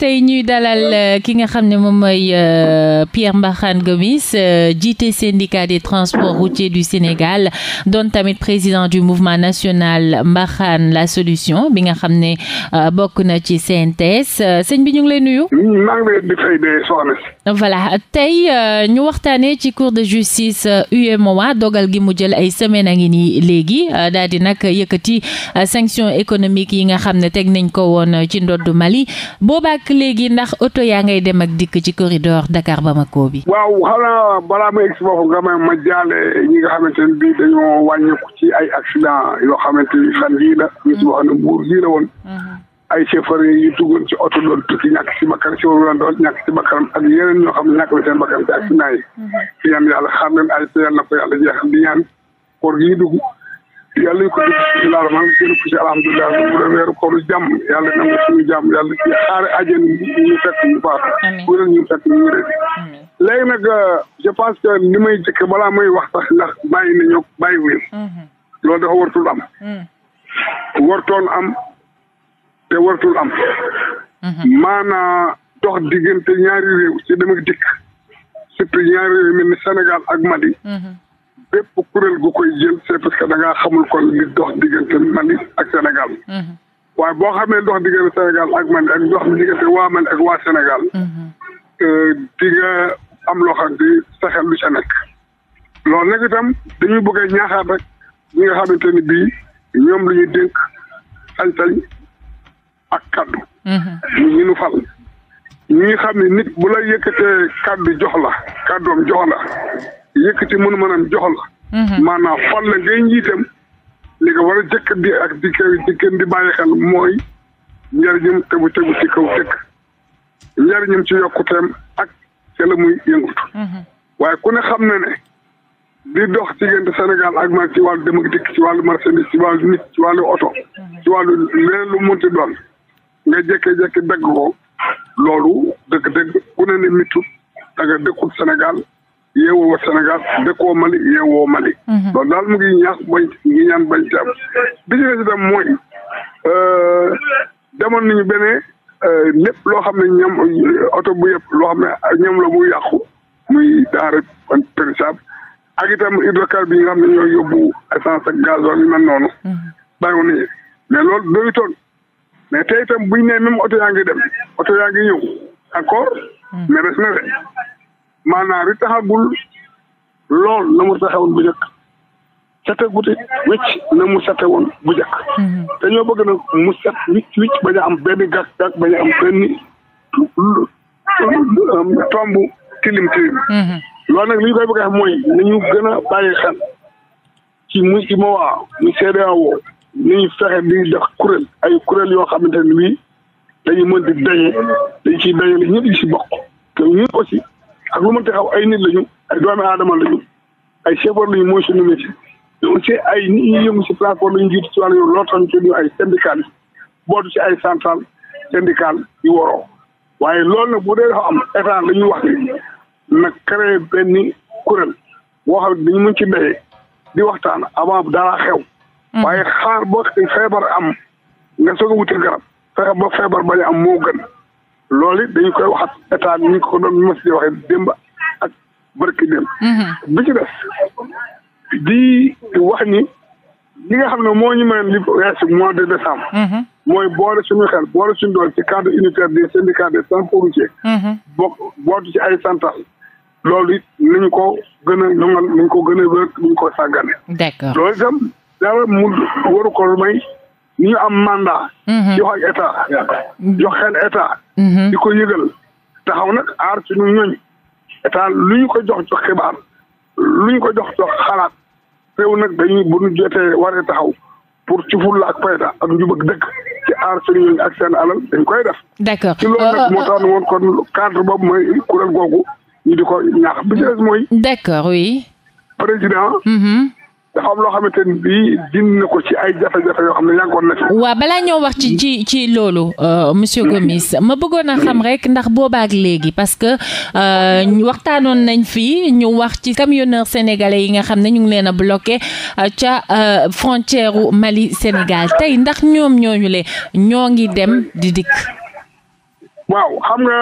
tey ñuy dalal euh, ki nga xam ne moom mooy euh, Pierre Mbakhane Gomis euh, jiite syndicat des transport routiers du Sénégal doon tamit président du mouvement national mbaxan la solution bi nga xam ne bokk na ci CNTS sëñ bi ñu ngi lay nuyu. maa ngi leen di fay de soxna voilà tey ñu waxtaanee ci cour de justice UEMOA dogal gi mu jël ay semaine a ngi nii léegi daal di nag yëkkati sanction économique yi nga xam ne teg nañ ko woon ci ndoddu Mali nekk léegi ndax oto yaa ngay dem ak dikk ci corridor Dakar Bamako bi. waaw xanaa balaa ma egg si foofu nga may ma jaale ñi nga xamante ne bii dañoo wàññeeku ci ay accident yoo xamante ni fan yii la. ñu si wax ne mbuur yii la woon. Mm-hmm. ay chauffeur yi duggoon ci oto doon tukki ñàkk ci bakkan si waru doon ñàkk ci ak yeneen ñoo xam ne ñàkk na seen bakkan ci accident yi. di mm-hmm. ñaan yàlla xam leen ay yàlla na ko yàlla jeexal di ñaan koor gi dugg. yàlla ñu ko dugg bismillah rahmaan gën ko ci alhamdulilah bu doon weeru koor jàmm yàlla nangu suñu jàmm yàlla ci xaare àjjana ñu fekk ñu baax bu euh, je pense que li may jëkk balaa may wax sax ndax bàyyi nañu bàyyi wuñu mhm. loolu dafa wartul am mhm. wartoon am te wartul am mhm. maanaa dox diggante ñaari réew ci dem ak dikk surtout ñaari réew mel ni Sénégal ak Mali bépp kuréel gu koy jël c'est parce que da ngaa xamul kon li dox diggante Mali ak Sénégal. Mhm. waaye boo xamee dox diggante Sénégal ak Mali ak dox diggante waa Mali ak waa Sénégal. Mhm. Euh, di nga am loo di saxel lu ca nekk. loolu nag dañuy bëgg a ñaaxaat rek ñi nga xamante ni bii ñoom lu ñuy dénk sañ-sañ ak kaddu. Mhm. ñu ñu fal. ñi nga xam ne nit bu la yëkkatee kaddu jox la kaddoom jox ci mën mën joxal la mhm. maanaam fal la ngay njiitam li nga war a jëkk di ak di di kenn di xel mooy njariñam tegu tegu ci kaw dëkk njariñam ci yokkuteem ak ca la muy yëngutu mhm. waaye ku ne xam na ne di dox ci diggante Sénégal ak ma ci wàllu dem dikk ci wàllu marchandise ci wàllu nit ci wàllu oto mhm. ci wàllu leneen lu munti doon nga jékkee-jékki dagg loolu dëgg-dëgg ku ne ne mittu da nga Sénégal yeewoo Sénégal dëkkoo Mali yeewoo Mali. Mhm. loolu daal mu ngi ñaax bañ ngi ñaan bañ ci am bi ñu mooy euh, demoon nañu beneen euh, lépp loo xam ne ñam oto loo xam ne ñam la muy yàqu muy denrée périssable ak itam hydrocarbures yi nga xam ne ñooy yóbbu essence ak gasoil yi mel noonu. Mhm. bàyyiwoon nañu mais loolu doyutoon mais tey itam bu ñu nee même oto yaa ngi dem oto yaa ngi ñëw encore mhm. mais des na de. maanaam li taxagul lool na mu bu njëkk sete guddi wicc mu sete woon bu njëkk dañoo mhm. bëgg nag mu set wicc wicc bañ a am benn gàkk gàkk bañ am benn tomb tilim tilim mhm. loolu nag li ñu koy bëgg a xam mooy nañu gën a bàyyi xel ci muy IMOA muy CEDEAO ni ñu fexe di def kuréel ay kuréel yoo xamante ne bii dañu mën di daje dañ ciy daje li ñëpp di si bokk te ñun aussi ak lu mënti xaw ay nit lañu ay doomi aadama lañu ay chauffeur lañu mooy su suñu métier mais ci ay nit ñuy yëngu si transport lañu jiitu ci wàllu yoon loolu tax ñu nu ay syndicaliste bootu ci ay central syndical yu waaye loolu nag bu dee dafa am état la ñuy wax ni na créé benn kuréel boo xam dañu mën ci mbéyee di waxtaan avant dara xew mm-hmm. waaye xaar ba feebar am nga soog a wuti garab fexe ba feebar bañ a am moo gën loolu it dañu koy wax ak état ni ñu ko doon mos di waxee démb ak barki démb. Mhm. bi ci des di wax ni ñi nga xam ne moo ñu mayoon li weesu de décembre. Mhm. mooy boole suñu xel boole suñu dool ci cadre unitaire des syndicats des sans-frontières. Mhm. bokk bootu ci ay santal loolu it nañu ko gën a ñoŋal ko gën a wér nañu ko sàggane. d'accord loolu itam dara mu waru ko may. ñu am mandat. Mhm. jox ak état jox xel état. Mhm. di ko yëgal taxaw nag aar suñu ñoñ état lu ñu ko jox jox xibaar lu ñu ko jox jox xalaat réew nag dañuy bu ñu waree taxaw. pour ci fulla ak fayda ak njub ak dëkk ci aar seen yooyu ak seen alal dañ koy def. d'accord ci loolu nag euh, moo tax kon cadre boobu mooy kuréel googu ñu di ko ñaax bi mooy. d'accord oui. président. Mhm. dafa am loo xamante ni bii dindi na ko ci ay jafe-jafe yoo xam ne yàggoon na fi. waaw balaa ñoo wax ci ci ci loolu euh, monsieur Gomis ma bëggoon a xam rek ndax boobaak léegi parce que euh, waxtaanoon nañ fii ñu wax ci camionneur sénégalais yi nga xam ne ñu ngi leen a bloqué euh, ca frontière Mali Sénégal tey ndax ñoom ñooñu le ñoo ngi dem di dikk. waaw xam nga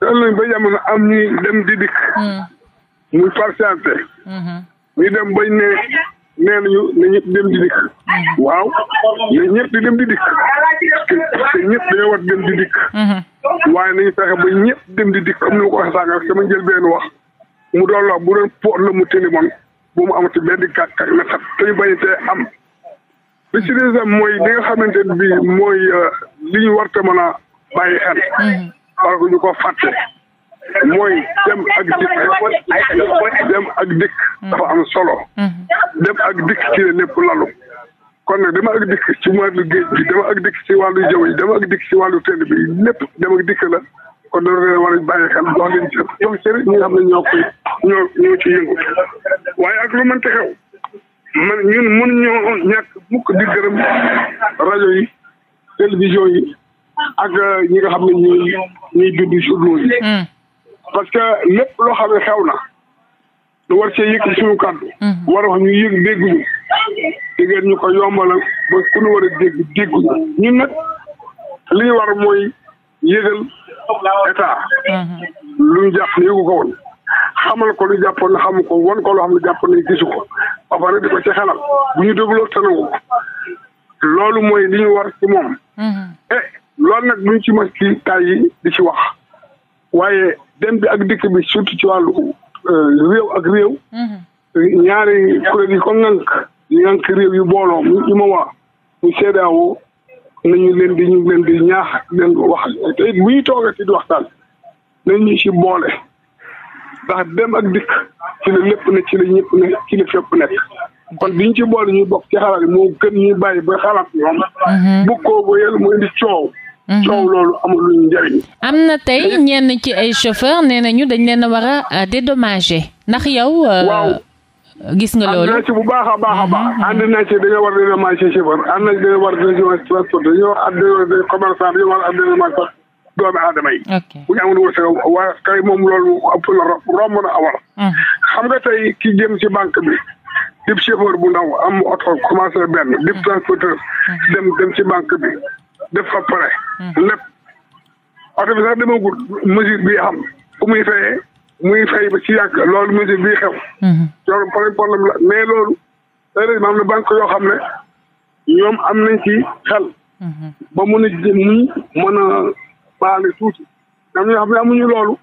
dañ ba jamono am ñuy dem di dikk. Hmm. muy patienté. Hmm. ñu dem bañ ne nee ñu ne ñëpp dem di dikk waaw ne ñëpp di dem di dikk te ñëpp dañoo war dem di dikk mhm. waaye nañu fexe ba ñëpp dem di dikk comme ni ma ko waxee sànq rek sama njël benn wax mu doon la bu doon po la mu télémon bu mu am ti benn gàkk na xat te ñu bañ tee am li ci des mooy li nga xamante bi bii mooy euh, li ñu war a mën a bàyyi xel mhm. ñu ko fàtte mooy dem ak dikk dem dafa am solo dem ak dikk ci la lépp lalu kon nag dama ak dikk ci wàllu géej bi dama ak dikk ci wàllu jaww ji dama ak dikk ci wàllu tënk bi lépp dem ak dikk la kon dama leen war a bàyyi xel jox leen cër jox cër ñi nga ñoo koy ñoo ñoo yëngu waaye ak lu mënti xew man ñun mun ñoo ñàkk mukk di gërëm rajo yi télévision yi ak ñi nga xam ne ñuy ñuy bind journaux yi hmm. parce que lépp loo xam ne xew na lu war cee yëg suñu kàddu mhm. war wax ñu yëg dégguñu diggéen ñu ko yombal ba ku ñu war a li ñu war mooy yëgal état mhm. lu ñu jàpp ne yëgu ko woon xamal ko lu jàppoon ne xamu ko wan ko loo xam ne jàppoon ne gisu ko ba di ko ci xelal bu ñu dégloo te nangu loolu mooy li ñu war ci moom mhm. eh loolu nag duñ ci mas ci tay yi di ci wax waaye dem bi ak dikk bi surtout ci wàllu euh, réew ak réew mm-hmm. ñaari kuréel yi ko ŋànk ŋànk réew yu booloo mu ñu ma waa mu seedaawoo nañu leen di ñu leen di ñaax leen wax te it bu ñu toogati di waxtaan nañu ci boole ndax dem ak dikk ci la lépp na ci la ñëpp ne ci la fépp nekk kon bi ñu ci boole ñuy bokk ci xalaat yi moo gën ñuy bàyyi ba xalaat ñoom mm-hmm. bu ko ba yel mu indi coow Mhm. coow loolu amul lu ñu njëriñ am na tey ñenn ci ay chauffeur nee nañu dañ leen a war a euh, dédommager ndax yow euh, gis nga loolu na ci bu baax a baax a baax mhm. ànd na ci dañoo war dina may ci chauffeur ànd na ci dañoo war dina may transport dañoo war sax doomi aadama yi bu ñu amul wërsëg waa kay moom loolu ëpp la romb na awar mhm. xam nga tey ki jëm ci banque bi dib chauffeur bu ndaw am oto commencé benn dib transporteur dem dem ci banque bi def ko pare. lépp oto bi sax demagul mesure bi xam ku muy fayee muy fay ba ci yàgg loolu mesure bi xew. loolu problème la mais loolu heureusement am na banque yoo xam ne ñoom am nañ ci xel. ba mun a muñ mën a baale tuuti am ñoo xam ne amuñu loolu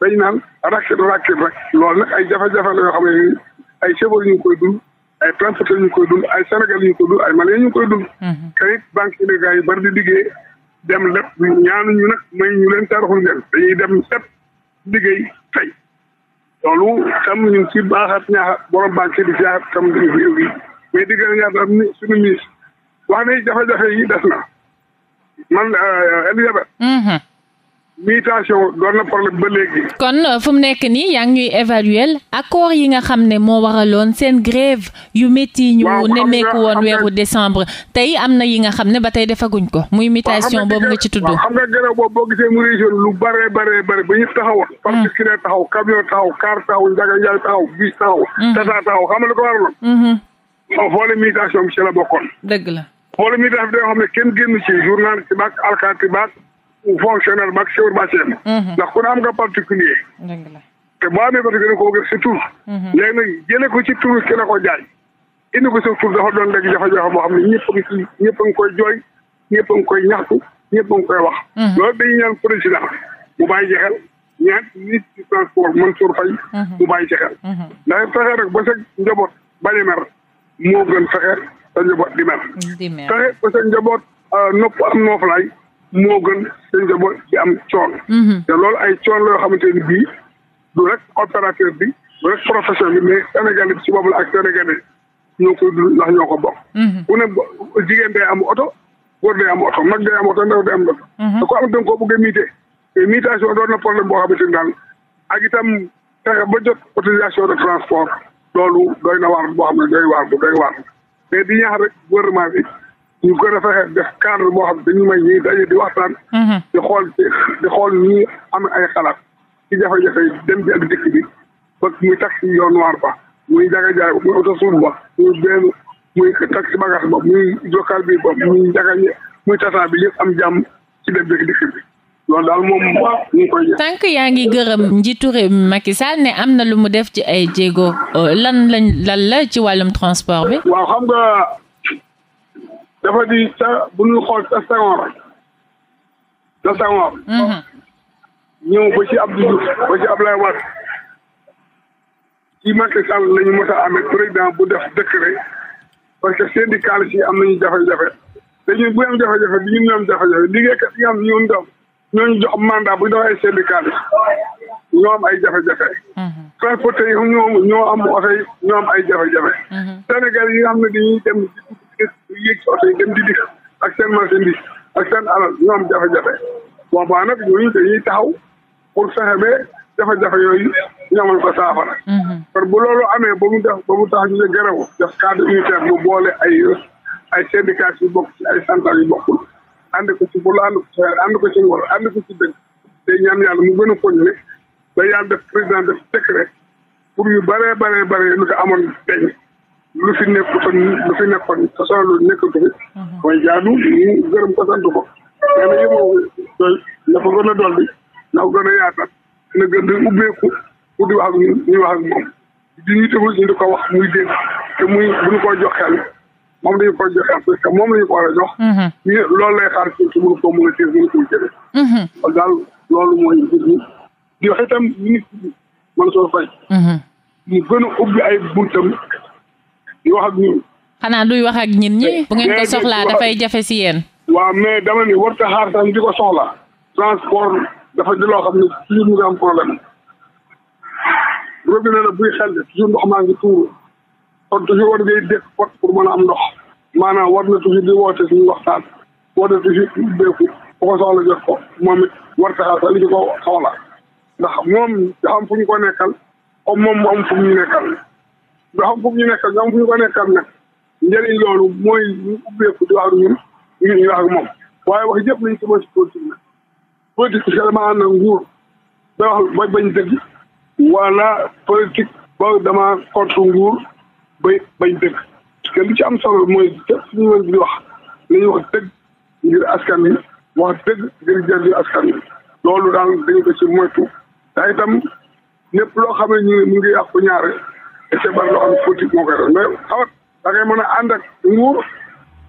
dañ naan rakkit rakkit rek lool nag ay jafe-jafe la yoo xam ne ay chevaux ñu koy dund. ay transporteurs ñu ngi koy dund ay sénégalais ñu koy dund ay maliens koy dund. kayit mm-hmm. banque Sénégal yi bari di liggéey dem lépp ñaanuñu nag may ñu leen taaraxul ngeen dañuy dem set liggéey fay loolu tam ñun ci baaxaat ñaaxaat borom banque di si ñaaxaat tam dañu mais di gën a ñaax ni suñu ministre wax ne jafe-jafe yi des na man euh, Elisabeth. Mm-hmm. mutation doon na problème ba léegi. kon euh, fu mu nekk nii yaa ngi ñuy évaluer accord yi nga xam ne moo waraloon seen grève yu métti ñu nemmeeku woon weeru décembre tey am na yi nga xam ne ba tey defaguñ ko muy mutation boobu nga ci tudd. xam nga grève boobu boo gisee mu région lu bare bare bare ba ñu taxawoon. particulier taxaw mm. camion taxaw car taxaw njaga njaay taxaw bus taxaw. Mm-hmm. tata taxaw xam nga lu ko waraloon. Mm-hmm. foole mutation bi ci la bokkoon. dëgg la fonctionnel maag chef urbain ndax ku ne am nga particulier te boo amee particulier koo gis si tur mhm. léegi nag jële ko ci tur ki la ko jaay indi ko sa tur dafa doon léegi jafe-jafe boo xam ne ñëpp a ñëpp a ngi koy jooy ñëpp koy ñaxtu ñëpp a ngi koy wax mhm. loolu dañuy ñaan président mu bàyyi ci xel ñaan nit ci transport Mansour Faye mhm. mu bàyyi ci xel ndax fexe rek ba sa njaboot bañ mer moo gën fexe sa njaboot di mer fexe ba sa njaboot euh, nopp am nooflaay moo gën seen njaboot di am coon mhm. te loolu ay coon la yoo xamante ni bii du rek opérateur bi du rek profession bi mais sénégalais bi si boobu la ak sénégalais ñoo koy dund ndax ñoo ko bokk mhm. ku jigéen day am oto góor day am oto mag day am oto ndaw day am oto da ko am da nga koo a miite te miitation doon na problème boo xamante ni daal ak itam fexe ba jot autorisation de transport loolu doy na waar boo xam ne doy waar bu doy waar mais di ñaax rek gouvernement bi ñu gën a fexe def cadre boo xam dañu may ñuy daje di waxtaan. Mhm. di xool di am ay xalaat ci jafe-jafe yi dem bi dikk bi ba muy taxi yoon noir ba muy jaga jaay muy oto suuf ba muy benn muy taxi bagage ba muy jokkal bi ba muy jaga muy tataa bi yëpp am jàmm ci dem bi ak dikk bi. loolu daal moom ñu ngi koy tànk yaa ngi gërëm njiitu réew mi ne am na lu mu def ci ay jéego lan lañ lan la ci wàllum transport bi. waaw xam nga. dafa di ca bu ñu xool ca Senghor ca Senghor mm-hmm. ñëw ba ci Abdou Diouf ba ci Abdoulaye Wade ci Macky Sall la ñu mën a amee président bu def décret parce que syndical si am nañu jafe-jafe dañuy bu am jafe-jafe bi ñu am jafe-jafe liggéeykat yi nga xam ne ñoo doon ñooñu jox mandat bu ñu doon ay syndical yi ñoo am ay jafe-jafe. Mm-hmm. transporteurs yi ñoo ñoo am oto yi ñoo am ay jafe-jafe. Mm-hmm. Sénégal yi nga xam ne dañuy dem. yéeg ci oto dem di dikk ak seen marchandise ak seen alal ñu jafe-jafe wax baa nag ñooñu dañuy taxaw pour fexe ba jafe-jafe yooyu ñu amal ko saafara mhm. kon bu loolu amee ba mu def ba mu tax ñu ne gërëw def cadre unitaire bu boole ay ay yu bokk ci ay central yu bokkul ànd ko ci bul ànd ko ci ànd te ñaan yàlla mu gën a foñ ne ba yàlla def président def décret pour yu baree baree baree lu ko amoon deñ lu fi nekkutoon lu fi nekkoon tasaare lu nekkatu fi. Mhm. mooy jaadu ñu gërëm ko a ko. mais nag yow doy na ko gën a dolli na ko gën a yaatal di ubbeeku pour di wax ak ñun ñu wax ak moom. di ñu tamit ñu di ko wax muy dégg te muy bu ñu ko jox xel moom dañu ko jox xel parce que moom la ñu ko war a jox. Mhm. ñu loolu lay xaar ci mënu ko mën a téye mënu ko jëlee. Mhm. kon daal loolu mooy mbir mi di wax itam ministre bi Mansour Faye. ñu gën a ubbi ay buntam. di wax ak ñun. xanaa wax ak ñin ñi. bu ngeen ko soxlaa dafay jafe si yéen. waaw mais dema ni warta xaar sax di ko soxla. transport dafa di loo xam ne toujours ñu ngi am problème. robinet la buy xel toujours ndox maa ngi tuuru kon toujours war ngay dégg pot pour mën a am ndox. maanaam war na toujours di woote suñu waxtaan. war na toujours di ubbeeku. bu ko soxla jot ko moom it warta xaar sax di ko soxla. ndax moom dafa am fu ñu ko nekkal. comme moom mu am fu mu nekkal. nga xam fu ñu nekk nga xam fu ñu ko nekkam nag njëriñ loolu mooy ñu ubbeeku di wax ak ñun wax moom waaye wax yëpp nañ ci mooy si politique nag politique dama ànd ak nguur da bañ dëgg wala politique ba dama contre nguur bay bañ dëgg parce ci am solo mooy képp suñu wër bi wax nañu wax dëgg ngir askan wi wax dëgg ngir jëriñu askan wi loolu daal dañu ko ci moytu te itam lépp loo xam ne ñu mu ngi yàqu ñaare te bari loo xam ne politique moo koy def mais xaw da ngay mën a ànd nguur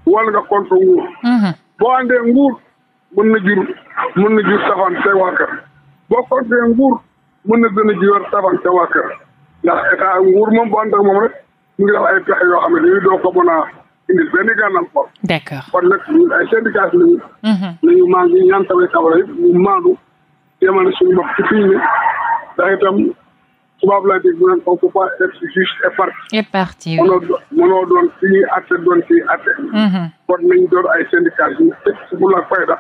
wala nga contre nguur. Mhm. boo àndee nguur mën na jur mën na jur safaan se waa boo contre nguur mën na gën a jur safaan say waa kër ndax état nguur moom boo ànd moom rek mu ngi def ay pexe yoo xam ne dañuy doo ko mën a indil benn gàllankoor. d'accord kon nag ñun ay syndicats lañu. Mhm. nañu maa ngi ñaan tamit kabala yëpp ñu maandu jéemal suñu bopp ci fii ne ndax itam. tubaab laa dégg mu naan on peut parti. et parti oui. doon fi ñuy doon fi àtte. Mhm. kon nañu doon si bu fayda.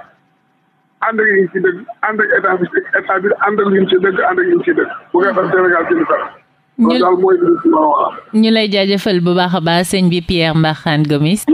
ànd ak ñu ci dëgg ànd ak état bi état bi ànd ak ñu ci dëgg ñu ci dëgg. bu ko defee lay jaajëfal bu baax a baax sëñ bi Pierre Mbakhane Gomis.